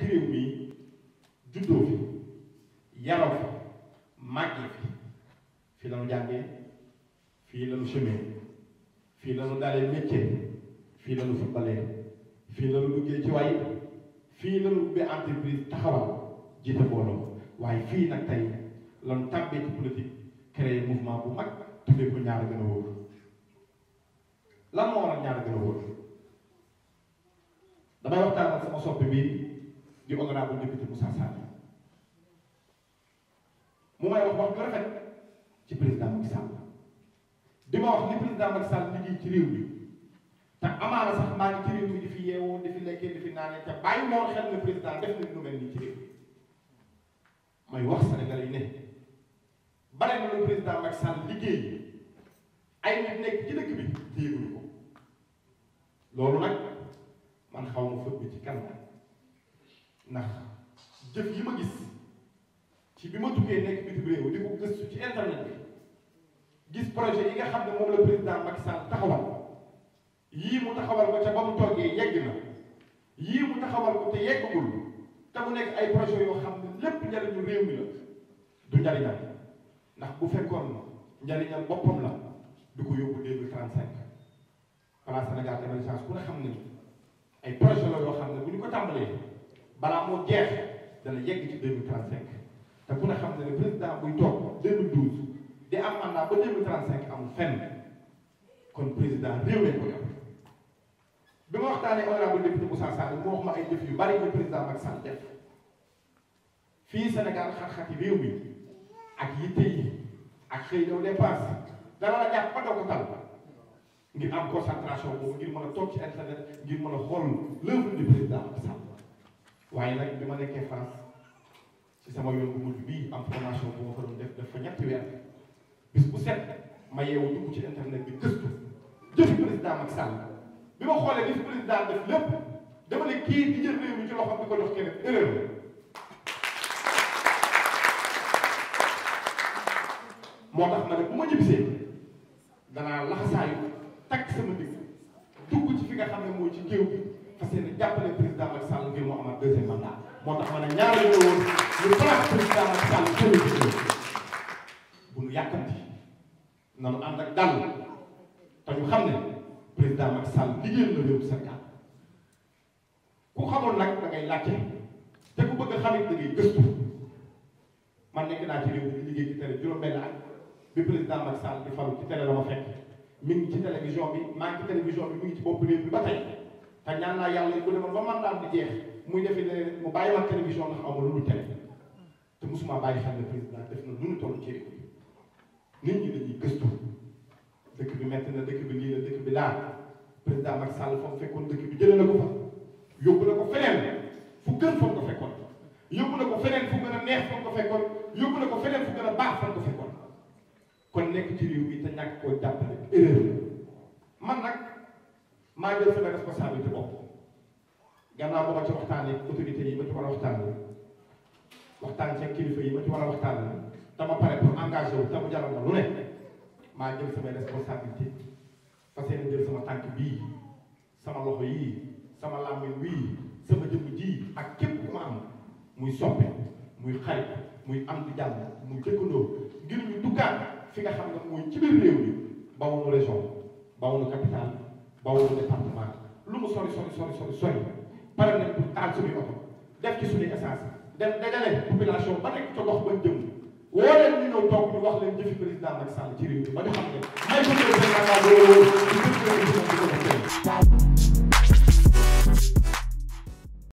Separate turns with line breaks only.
ci réew mi juddoo fi yaroo fi màgge fi fii la ñu jàngee fii la ñu semee fii la ñu dalee métier fii la ñu fii la ñu duggee ci waay fii la ñu ubbee entreprise taxawal jiite mbooloo waaye fii nag tey la ñu tàbbee ci politique bu mag tuddee ko ñaar gën a wóor lan moo waral ñaar gën a wóor damay waxtaan ak sama soppi bii di honorable député Moussa Sall mu may wax wax bu rafet ci président Macky Sall di ma wax ni président Macky Sall liggéey ci réew mi te amaana sax maa ngi ci réew mi di fi yeewoo di fi lekkee di fi naanee te bàyyi moo na lu mel nii ci réew wax Sénégal yi président Macky Sall liggéey ay nekk ci dëkk bi te ko loolu nag man xaw ma fëgg ci kanam ndax jëf yi ma gis ci bi ma tukkee nekk bitim réew di ko gëstu ci internet bi gis projet yi nga xam ne moom la président Macky Sall taxawal yii mu taxawal ko ca ba mu yegg na yii mu taxawal ko te yeggagul te mu nekk ay projet yoo xam ne lépp njariñu réew mi la du njariñam ndax bu fekkoon njariñam boppam la du ko yóbbu deux mille trente Sénégal Émergence ku ne xam ne ay projet la yoo xam ne bu ñu ko tàmbalee balaa moo jeex dana yegg ci 2035 te ku ne xam ne ne président buy toog 2012 di am mandat ba 2035 amul fenn kon président réew mi ko yor bi ma waxtaanee honorable député Moussa Sall moo wax ma ay jëf yu bari yu président Macky Sall def fii Sénégal xat-xati réew mi ak yitte yi ak xëy daw dépense dana la jàpp ba doo ko tal ngir am concentration boobu ngir mën a toog ci internet ngir mën a xool l'œuvre du président Macky Sall waaye nag bi ma nekkee France ci sama yoon bu mujj bii am formation bu ma ko def def fa ñetti weer bis bu set ma yeewu dugg ci internet bi gëstu jëfi président Macky Sall bi ma xoolee li fi président def lépp dama mi ci laxasaayu takk sama digg dugg ci fi nga xam ne mooy ci géew bi fas yéene jàppale président Macky Sall moo tax ma ne ñaar yooyu woon lu faral président Macky Sall kenn bu ñu yàkkamti na nu ànd ak dal te ñu xam ne président Macky Sall liggéeyal na réew Sénégal ku xamul nag da ngay te ku bëgg xamit da gëstu man nekk naa ci réew mi liggéey ci télé juróom-benn at bi président Macky Sall di falu ci télé bi maa ngi ci bi mi ngi ci bopp réew bi ba tey te ñaan naa yàlla yi bu demoon ba mandat bi jeex muy defi leneen mu bàyyi woon télévision ndax amul lu dul télé te mosuma bàyyi xel ne def na lu ñu toll ci nit ñi dañuy gëstu dëkk bi metti na dëkk bi nii la dëkk bi laa président Macky Sall fa mu fekkoon dëkk bi jëlee na ko fa yóbbu na ko feneen fu gën fa ko fekkoon yóbbu na ko feneen fu gën a neex fa ko fekkoon yóbbu na ko feneen fu gën a baax fa ko fekkoon kon nekk ci réew bi te ñàkk koo jàppale man nag maa jël sama responsabilité bopp gannaaw ba ma ci waxtaanee autorité yi ma ci war a waxtaanee waxtaan ci kilifa yi ma ci war a waxtaanee dama pare pour engagé wu ma lu ne maa jël samay responsabilité fas yéene jël sama tànk bii sama loxo yii sama làmmiñ wii sama jëmm ji ak képp ma am muy soppe muy xarit muy am di jàll muy dëkkandoo ngir ñu duggaat fi nga xam ne mooy ci biir réew mi bawuñu région bawuñu capitale bawuñu département lu mu sori sori sori sori pare nañ pour taal suñuy oto def ci suñuy essence dem dajale population ba nekk ca gox ba jëm woo leen ñu ñëw toog ñu wax leen jëfi président Macky Sall ci réew mi ba ñu xam ne may ko président Macky Sall